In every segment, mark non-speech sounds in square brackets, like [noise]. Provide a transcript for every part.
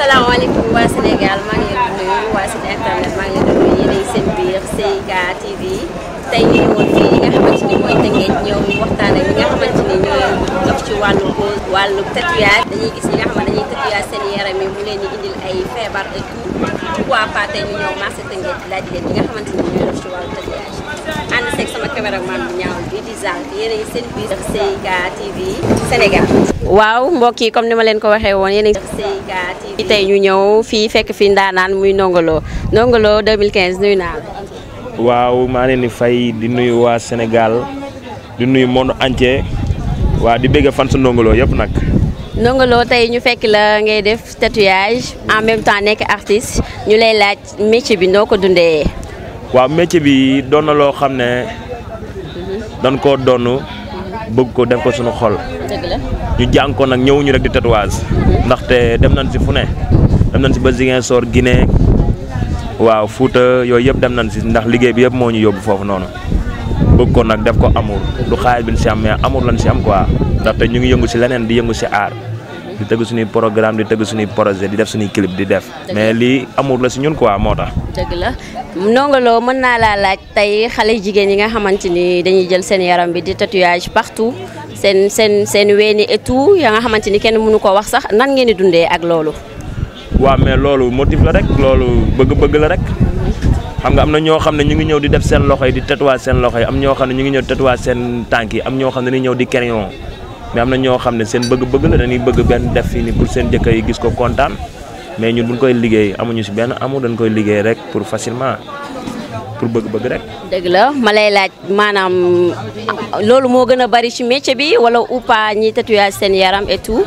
salaamaaleykum waa Sénégal maa ngi leen di seen internet maa ngi TV tey ñu ngi woon nga xamante ni mooy Tëngéej ñëw waxtaan ak ci wàllu pose wàllu tatouage dañuy gis ñi nga xam ne dañuy seen yaram yi mu leen di indil ay feebar et tout pourquoi pas tey ñu ñëw marché Tëngéej laaj leen ñi nga xamante ni ñooy dox ci wàllu tatouage. ànd waaw mbokk yi comme ni ma leen ko waxee woon yéen a ngi CIK TV tey ñu ñëw fii fekk fi ndaanaan muy Ndongo Lo Ndongo Lo 2015 naa waaw maa leen di fay di nuyu waa Sénégal di nuyu monde entier waa di bëgg fan su Ndongo Lo yëpp nag. Ndongo tey ñu fekk la ngay def tatouage en même temps nekk artiste ñu lay laaj métier bi noo ko dundee. waaw métier bi doon na loo xam ne dañ koo donn bëgg ko def ko suñu xol ñu jàng ko nag ñëwuñu rek di tatouage ndaxte dem nañ si fu ne dem nañ si ba Ziguinchor Guinée waaw Fuuta yooyu yëpp dem nañ si ndax liggéey bi yëpp moo ñu yóbbu foofu noonu bëgg ko nag def ko amour du xaalis bi nu si am mais amour lañ si am ko ndaxte ñu ngi yëngu si leneen di yëngu si aar di tëgg suñu programme di tëgg suñu projet di def suñu clip di def mais li amour la ci ñun quoi moo tax dëgg la ndongoloo mën na la laaj tay xalé jigen yi nga xamanteni dañuy jël seen yaram bi di tatouage partout seen seen seen wéni et tout ya nga xamanteni kenn mënu ko wax sax nan ngeen di dundé ak lolu wa mais lolu motif la rek lolu bëgg-bëgg la rek xam nga amna na ñoo xam ñu ngi ñëw di def seen loxoy di tatouage seen loxoy am ñoo xamne ñu ngi ñëw tatouage seen tanki am ñoo xamne ñu ni ñëw di crayon mais amna na xamné xam seen bëgg-bëgg la dañuy bëgg ben def fii ni pour seen jëkkër yi gis ko contane mais ñun buñ koy liggéey amuñu ci ben amu dañ koy liggéey rek pour facilement pour bëgg-bëgg rek. dëgg la ma lay laaj manam loolu mo gëna bari ci métier bi wala ou pas ñi tatouage seen yaram et tout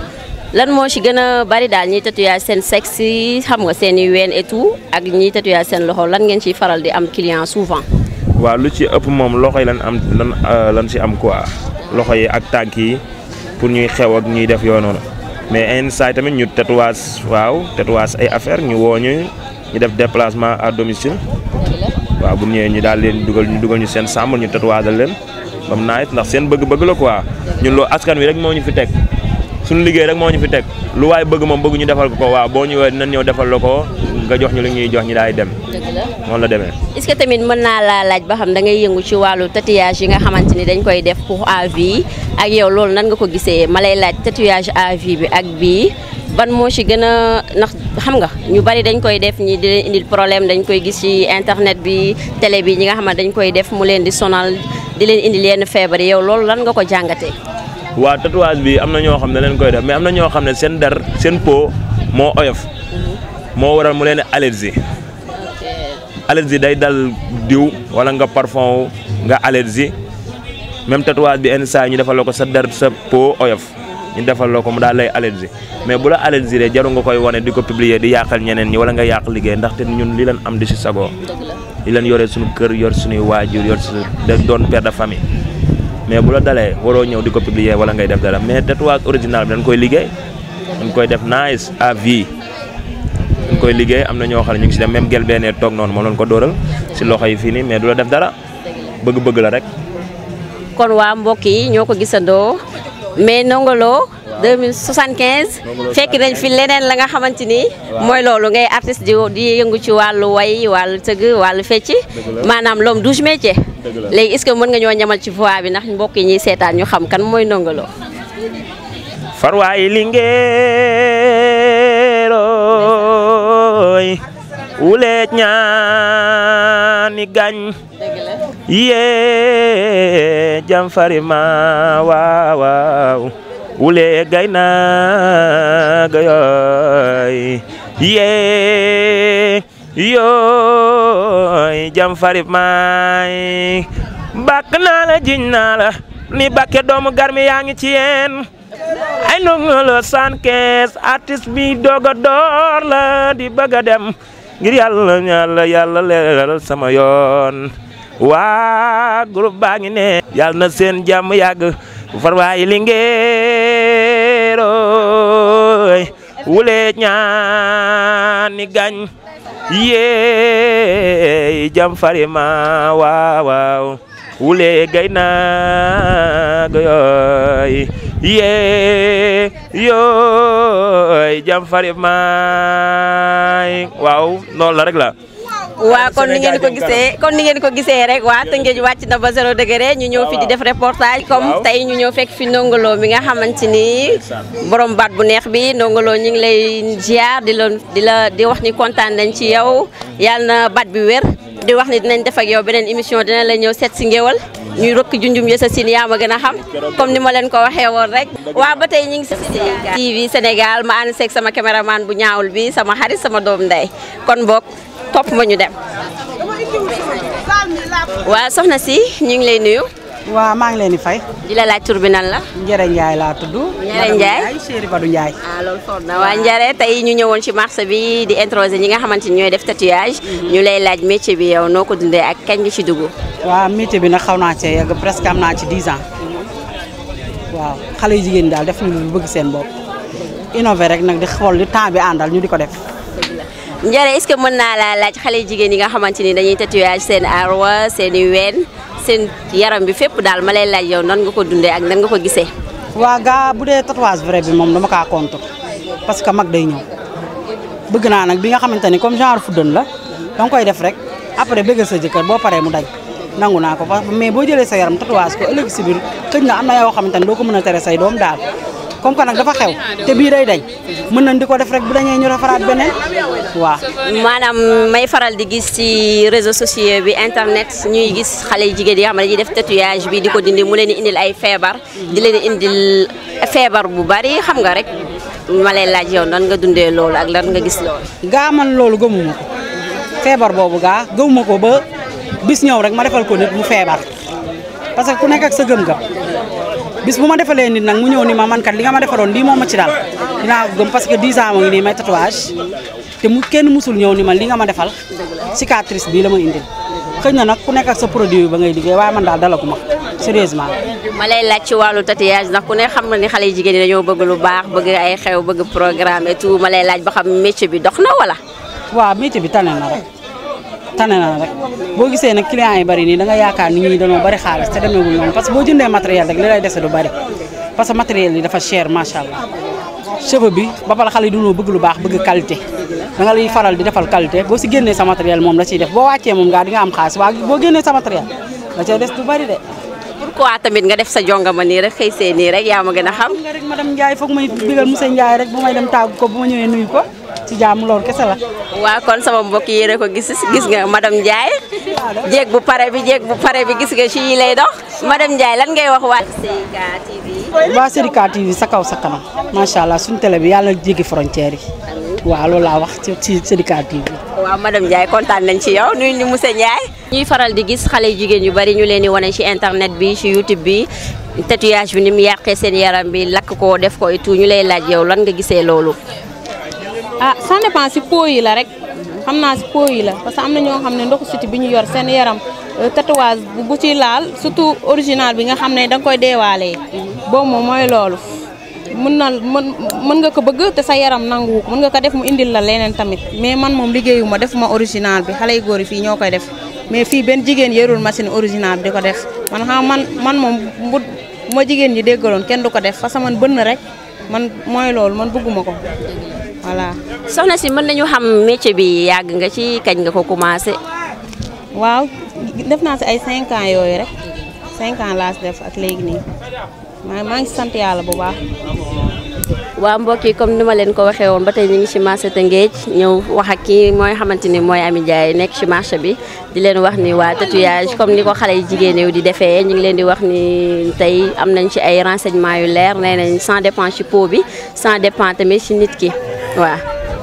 lan mo ci gëna bari dal ñi tatouage seen sexy xam nga seen i et tout ak ñi tatouage seen loxo lan ngeen ci faral di am client souvent. wa lu ci ëpp mom loxo lan am lan euh, lan ci am quoi loxo ak tanki pour ñuy xew ak ñuy def yoo noonu mais in saa yi tamit ñu tatouage waaw tatouage ay affaire ñu woo ñu ñu def déplacement à domicile waaw bu ñëwee ñu daal leen dugal ñu dugal ñu seen sàmm ñu tatouage leen ba mu naaj ndax seen bëgg-bëgg la quoi ñun loo askan wi rek moo ñu fi teg suñu liggéey rek moo ñu fi teg lu waay bëgg moom bëgg ñu defal ko ko waaw boo ñëwee dina ñëw defal la ko. nga jox ñu li ñuy jox ñu daay dem. dëgg la noonu demee. est que tamit mën naa laa laaj ba xam da ngay yëngu ci wàllu tatouage yi nga xamante ni dañ koy def pour à vie ak yow loolu nan nga ko gisee ma laaj tatouage à vie bi ak bii ban moo ci gën a ndax xam nga ñu bari dañ koy def ñi di leen indil problème dañ koy gis ci internet bi tele bi ñi nga xam ne dañ koy def mu leen di sonal di leen indil yenn feebar yow loolu lan nga ko jàngatee. waaw tatouage bi am na ñoo xam ne leen koy def mais am na ñoo xam ne seen der seen po moo mo waral mu len allergie allergie day dal diw wala nga parfum nga allergie même tatouage bi en ñu defal ko sa der sa peau oyof ñu defal ko mu dal lay allergie mais bu la allergie re jaru nga koy woné di ko publier di yaqal ñeneen ñi wala nga yàq liggéey té ñun li lan am di ci sago li lan yoré suñu kër yor suñu wajur yor suñu doon père de famille mais bu la dalé waro ñew di publier wala ngay def dara mais tatouage original bi dañ koy liggéey dañ koy def nice à vie ñu koy liggéey am na ñoo xam ne ñu ngi si dem gel beenee toog noonu moo leen ko dóoral si loxo yi fii nii mais du la def dara bëgg-bëgg la rek kon waa mbokk yi ñoo ko gisandoo mais Ndongo Lo 2075 fekk nañ fi leneen la nga xamante ni mooy loolu ngay artiste di di yëngu ci wàllu way wàllu tëgg wàllu fecc maanaam l'homme douze métiers léegi est-ce que mën nga ñoo ñamal ci voix bi ndax mbokk yi ñuy seetaan ñu xam kan mooy nongaloo Lo farwaay mooy wuleet ñaani gañ yee jam fari ma waaw waaw wulee gay yooy yee yooy jam fari maay bàkk naa la jiñ naa ni bàkke doomu garmi yaa ngi ci yeen ay ndongo la sànkees artiste bi doog a door la di bëgg a dem ngir yàlla yàlla yàlla leeral sama yoon waa groupe baa ngi ne yàlla na seen jàmm yàgg farwaay li ngeeroy wulee ñaani gañ yéey jam farima waaw waaw wulee gay naag yooy yee yooy jam fari maay waaw noonu la rek la waa kon ni ngeen ko gisee kon ni ngeen ko gisee rek waa Tëngéej wàcc na ba zéro degré ñu ñëw fi di def reportage comme tey ñu ñëw fekk fi ndongoloo mi nga xamante ni borom baat bu neex bi ndongoloo ñu ngi lay ziar di la di la di wax ni kontaan nañ ci yow yàlla na baat bi wér di wax ni dinañ def ak yow beneen émission dinañ la ñëw seet si ngéwal ñuy rokk junjum yësa sin yaa ma gën a xam comme ni ma leen ko waxee woon rek waa ba tey ñu ngi si TV Sénégal ma ànd seeg sama maan bu ñaawul bi sama xarit sama doom ndey kon boog topp ma ñu dem waaw soxna si ñu ngi lay nuyu wa ma ngi leni fay. di la laj tur bi nan la. Njare Ndiaye la tuddu Njare Ndiaye madame Chéri Badou Ndiaye. ah lol fort na waa Njare tey ñu ñewon ci marché bi di introsé ñi nga xamanteni ñoy def tatouage. Mhm. ñu lay laj métier bi yow noko dundé ak kañ nga ci duggu wa métier bi na xawna ci cee presque amna ci 10 ans. Mhm. wa xalé jigen dal def ñu bëgg seen bop innover rek nak di xol li temps bi andal ñu diko def. Njare est-ce que mën naa laa laaj xale yu yi nga xamanteni dañuy tatouage seen arwa seen wène seen yaram bi fépp daal ma lay laaj yow nan nga ko dundee ak nan nga ko gisee. waa gaa bu dee tatouage vrai bi moom dama kaa contre parce que mag day ñëw bëgg naa nag bi nga xamante ni comme genre fuddan la danga koy def rek après bëggal sa jëkkër boo pare mu dañ nangu naa ko mais boo jëlee sa yaram tatouage ko ëllëg si biir na am na yoo xamante ni doo ko mën a tere say doom daal. comme que nag dafa xew te bii day dañ mën nañ di ko def rek bu dañee ñu rafaraat beneen waaw. maanaam may faral di gis ci réseaux sociaux bi internet ñuy gis xale yi jigéen yi nga xam ne dañuy def tatouage bi di ko dindi mu leen indil ay feebar. di leen indil feebar bu bari xam nga rek ma lay laaj yow nan nga dundee loolu ak lan nga gis loolu. gaa man loolu gëmuma ko feebar boobu gaa gëmuma ko ba bis ñëw rek ma defal ko nit mu feebar parce que ku nekk ak sa gëm-gëm. bis bu ma defalee nit nag mu ñëw ni ma man kat li nga ma defaroon lii moo ma daal dinaa ko gëm parce que 10 ans moo ngi may tatouage te mu kenn musul ñëw ni ma li nga ma defal cicatrice bii la ma indil xëy na nag ku nekka sa produit ba ngay liggéey waaye man daal dalagu ma sérieusement ma lay laaj ci wàllu tatouage ndax ku ne xam na ni xale yu jigéen ñi dañoo bëgg lu baax bëgg ay xew bëgg programme et tout ma lay laaj ba xam métier bi dox na wala. waaw métier bi tane na rek. tane na rek boo gisee nag client yi bari nii da nga yaakaar nit ñi dañoo bari xaalis te demeewul noonu parce que boo jëndee matériel rek li lay dese du bari parce que matériel yi dafa cher macha allah cheveux bi ba pare xale yi dañoo bëgg lu baax bëgg qualité da nga lay faral di defal qualité boo si génnee sa matériel moom la ciy def boo wàccee moom ngaa di nga am xaalis waa boo génnee sa matériel la cay des du bari de pourquoi tamit nga def sa jongama nii rek xëy see nii rek yaa ma gën a xam nga rek madame Ndiaye foog may digal monsieur Ndiaye rek bu may dem tàggu ko bu ma ñëwee nuyu ko ci jàmm loolu kese la. waaw kon sama mbokk yi yéen ko gis gis nga madame Ndiaye jéeg bu pare bi jéeg bu pare bi gis nga ci yi lay dox madame njaay lan ngay wax waa Sika TV. waa Sika sa kaw sa kanam macha allah suñu télé bi yàlla na jéggi yi. waaw loolu laa wax ci ci Sika TV. waaw madame Ndiaye kontaan nañ ci yow nuyu ni monsieur ñuy faral di gis xale jigéen yu bari ñu leen di wane ci internet bi ci YouTube bi tatouage bi ni mu yàqee seen yaram bi lakk ko def ko et ñu lay laaj lan nga gisee loolu. ah ça dépend si pot yi la rek xam naa si pot yi la parce que am na ñoo xam ne ndoxu siti bi ñu yor seen yaram euh, tatouage bu ci laal surtout original bi nga xam ne da nga koy deewaalee boobu moom mooy loolu mën na mën mën nga ko bëgg te sa yaram nanguwu mën nga ko def mu indil la leneen tamit mais man moom liggéeyu ma def ma original bi xale yu góor yi fii ñoo koy def mais fii benn jigéen yorul machine original bi di ko def man man man moom bu ma jigéen ñi déggaloon kenn du ko def parce que man bënn rek man mooy loolu man bëgguma ko voilà soxna si mën nañu xam métier bi yàgg nga ci kañ nga ko commencé. waaw def naa si ay 5 yooyu rek 5 ans laa si def ak léegi nii maa maa ngi sant yàlla bu baax. waa mbokk yi comme ni ma leen ko waxee woon ba tey ñu ngi ci marché Tëngéej ñëw wax ak kii mooy xamante ni mooy Amy Ndiaye nekk ci marché bi di leen wax ni waa tatouage comme ni ko xale yi jigéen yi di defee ñu ngi leen di wax ni tey am nañ ci ay renseignements yu leer nee nañ sans dépend ci bi sans dépend tamit ci nit ki. waaw.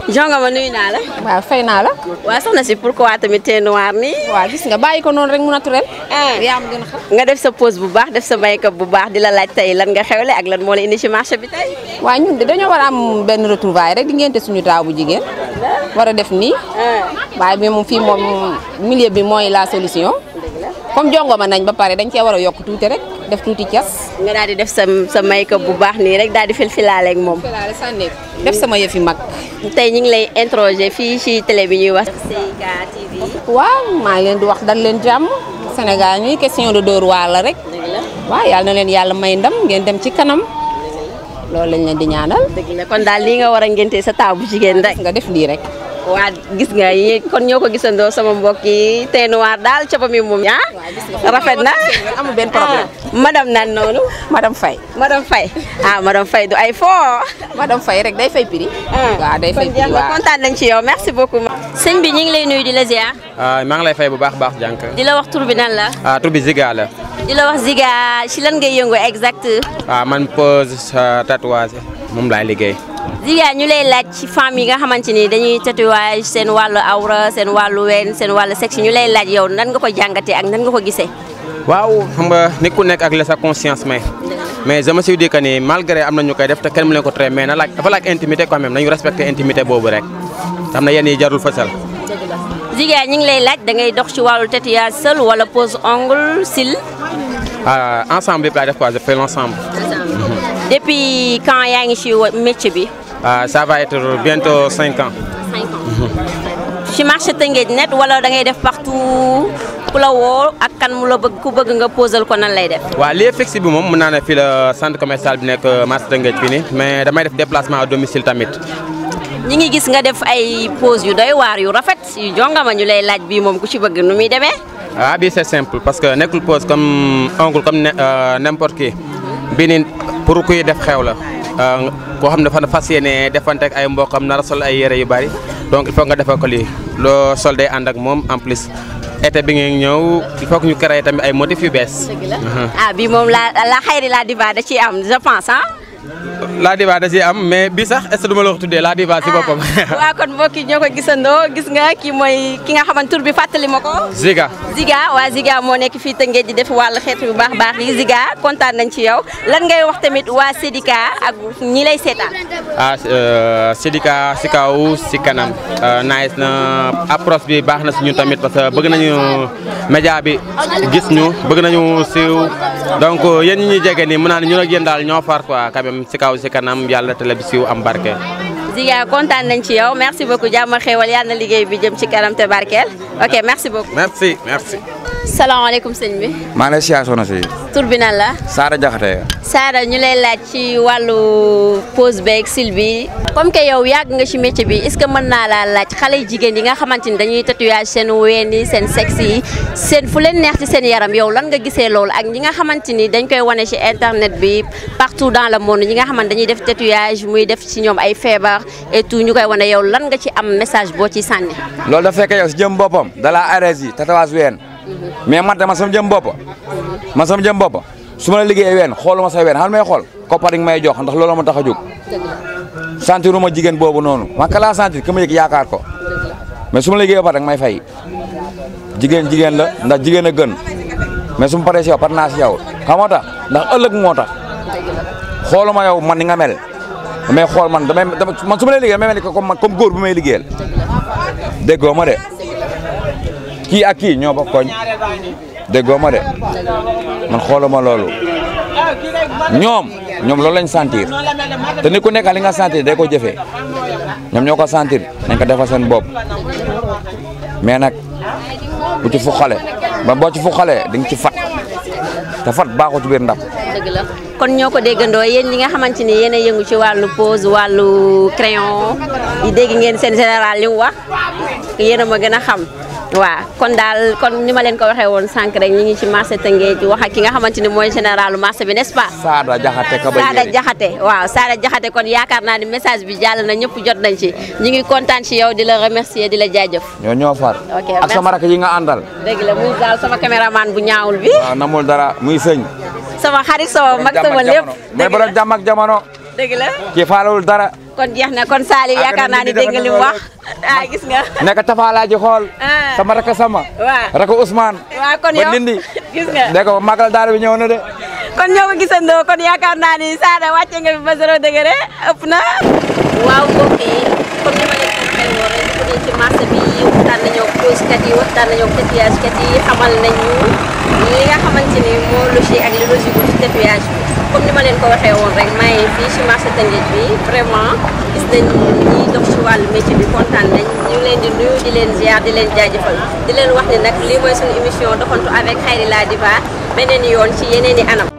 jonga ma nuyu naa la. waaw fay naa la. waa sax na si pour pourquoi tamit tey noir nii. waaw gis nga bàyyi ko noonu rek mu naturel. Ah. yaa a nga def sa pose bu baax def sa makeup bu baax di la laaj tey lan nga xewle ak lan moo la indi ci marché bi tey. waa ñun de dañoo war am benn retrouvaille rek di ngénte suñu taaw bu jigéen. war a def nii. Ah. waaye bi moom fii moom milieu bi mooy la solution. comme jongoma nañ ba pare dañ cee war a yokk tuuti rek. def tuuti cas. nga daal di def sa sa make bu baax nii rek daal di filfilaale ak moom. filfilaale sànni def sama yëfi mag. tey ñu ngi lay interroger fii ci télé bi ñuy wax. CIK TV. waaw maa ngi leen di wax dal leen jàmm. Sénégal ñuy question de dóor waar rek. waaw yàlla na leen yàlla may ndam ngeen dem ci kanam. loolu lañ leen di ñaanal. dëgg la kon daal lii nga war a ngénte sa taabu jigéen rek. nga def lii rek. waa gis nga yi kon ñoo gisandoo sama mbokk yi tey noir daal copa mi moom ah rafet na amu benn problème ah, madame nan noonu madame Faye madame Faye ah madame Faye du ay fo madame Faye rek day fay prix ah, waaw day fay prix waaw kontaan nañ ci yow merci beaucoup sëñ bi ñi ngi lay nuyu di la ziar ah maa ngi lay fay bu baax baax jànk di la wax tur bi nan la ah tur bi Ziga la di la wax Ziga ci lan ngay yëngu exact ah man pose ah, tatouage moom laay liggéey Zilia ñu lay laaj ci femmes yi nga xamante ni dañuy tatouage seen wàllu awra seen wàllu ween seen wàllu sexe ñu lay laaj yow nan nga ko jàngatee ak nan nga ko waaw xam nga nit nekk ak la sa conscience mais mais je me suis dit que ni am na ñu koy def te kenn mu leen ko traité mais na laaj dafa laaj intimité quand même nañu respecté intimité boobu rek xam na yenn yi jarul fësal. Zilia ñu ngi lay laaj da ngay dox ci wàllu tatouage seul wala pose ongle sil. Ah, ensemble bi laay def quoi je fais l'ensemble. depuis quand bi. Ah, ça va être bientôt 5 ans. 5 ans. Tu marche net ou da ngay partout pour la wo ak kan je centre commercial bi nek euh, marché mais damay def déplacement à domicile tamit. ñi ngi gis nga def ay pose yu doy war yu rafet yu jongama ñu lay laaj ah, c'est simple parce que pose comme comme euh, n'importe qui pour kuy def xew la. Euh, koo xam ne dafa fas yéene defante ak ay mbokkam nar a sol ay yére yu bari donc il nga defal loo sol day moom en plus. été ñëw il ñu créé tamit ay motifs yu bees. ah bi moom la xayri la diva da ciy am je pense laa diva da si am mais bi sax est ce que du ma la tuddee la diva si ah, boppam. [laughs] waaw kon mbokk yi ñoo ko gisandoo gis nga kii mooy ki nga xamante tur bi fàttali ma ko. Ziga Ziga waa Ziga moo nekk fii Tëngéej di def wàllu xeet bu baax baax yi kontaan nañ ci yow lan ngay wax tamit waa Sédika ak ñi lay seetaan. ah Sédika euh, si kaw si kanam naa euh, nice na approche bi baax na si ñun tamit parce bëgg nañu média bi gis ñu bëgg nañu siiw. donc yéen ñi ñu jege nii mën naa ne ñun ak yéen daal ñoo far quoi quand même si kaw si kanam yàlla télé am barke. Ziga kontaan nañ ci yow merci beaucoup jamm xewal yalla na bi jëm ci kanam te barkel ok merci beaucoup merci merci salam alaykum sëñ bi mané lay siyaar soxna si bi nan la sara Jaxate sara ñu lay laaj ci walu pose bek silbi comme que yow yag nga ci métier bi est ce que mën naa laa laaj xale jigéen yi nga xamanteni dañuy tatouage sen wéni sen sexy sen fu len neex ci sen yaram yow lan nga gisé lool ak ñi nga xamanteni dañ koy wone ci internet bi partout dans le monde ñi nga xamanteni dañuy def tatouage muy def ci ñom ay feebar et tout ñu koy wane lan nga ci am message boo ci sànni. loolu dafa fekk yow si jëm boppam dalaa arrêté yi tatouage ween mhm. mais man dama sama jëm bopp man sama jëm bopp su la liggéeyee ween xooluma sa ween xam may xool koppar yi ma jox ndax loolu ma tax a jóg. sentiruma jigéen boobu noonu man ka laa sentir ka yaakaar ko mais suma ma la liggéeyee ba pare may fay jigéen jigéen la ndax jigéen a gën mais su ma paree si yow par naa si yow xam tax ndax ëllëg moo tax xooluma yow man ni nga mel. damay xool man damay man su ma lay liggéeyal damay mel ni ko comme góor bu may liggéeyal déggoo ma de kii ak kii ñoo bokk koñ déggoo ma de man xooluma loolu ñoom ñoom loolu lañ santir te ni ku nekk li nga sentir day ko jëfee ñoom ñoo ko santir nañ ko defal seen bopp nag bu ci fu xale ba boo ci fu xale di ci fat te fat baaxu ci biir ndab kon ñoo ko déggandoo yéen ñi nga xamante ni yéen a yëngu ci wàllu pose wàllu crayon yi dégg ngeen seen général li mu wax yéen a ma gën a xam waaw kon daal kon ni ma leen ko waxee woon sànq rek ñu ngi ci marché Tëngéej wax ak ki nga xamante ni mooy généralu marché bi n'est-ce pas. Saada Jaxate Kaba Saada Jaxate waaw Saada Jaxate kon yaakaar naa ni message bi jàll na ñëpp jot nañ ci ñu ngi kontaan ci yow di la remercier di la jaajëf. ñoo ñoo far. ok ak sama rakk yi nga àndal. muy daal sama caméraman bu ñaawul bi. waaw namul dara muy sëñ. sama xarit sama mag sama lépp. dëgg la mais borom jàmm ak ki faalawul dara. kon jeex na kon Saali yaakaar naa ni dégg nga li mu wax ah gis nga. nekk Tafa ji xool. sama rakk sama. waaw Usman. Ousmane. waaw kon yow ba gis nga dégg nga daara bi ñëw de. kon ñoo ko gisandoo kon yaakaar naa ni Sada wàcce nga fi ba zéro degré ëpp na. waaw mbokk yi comme ni ma leen ko waxee woon ci marché bi waxtaan nañoo ak closekat yi waxtaan nañoo ak tatouagekat yi xamal nañu li nga xamante ni moo logique ak li logique ci tatouage comme ni ma leen ko waxee woon rek may fii ci marché Tëngéej bi vraiment gis nañ ñiy dox ci wàllu métier bi kontaan nañ ñu ngi leen di nuyu di leen ziar di leen jaajëfal di leen wax ni nag lii mooy suñu émission doxantu avec Khayrilah Diba beneen yoon ci yeneen i anam.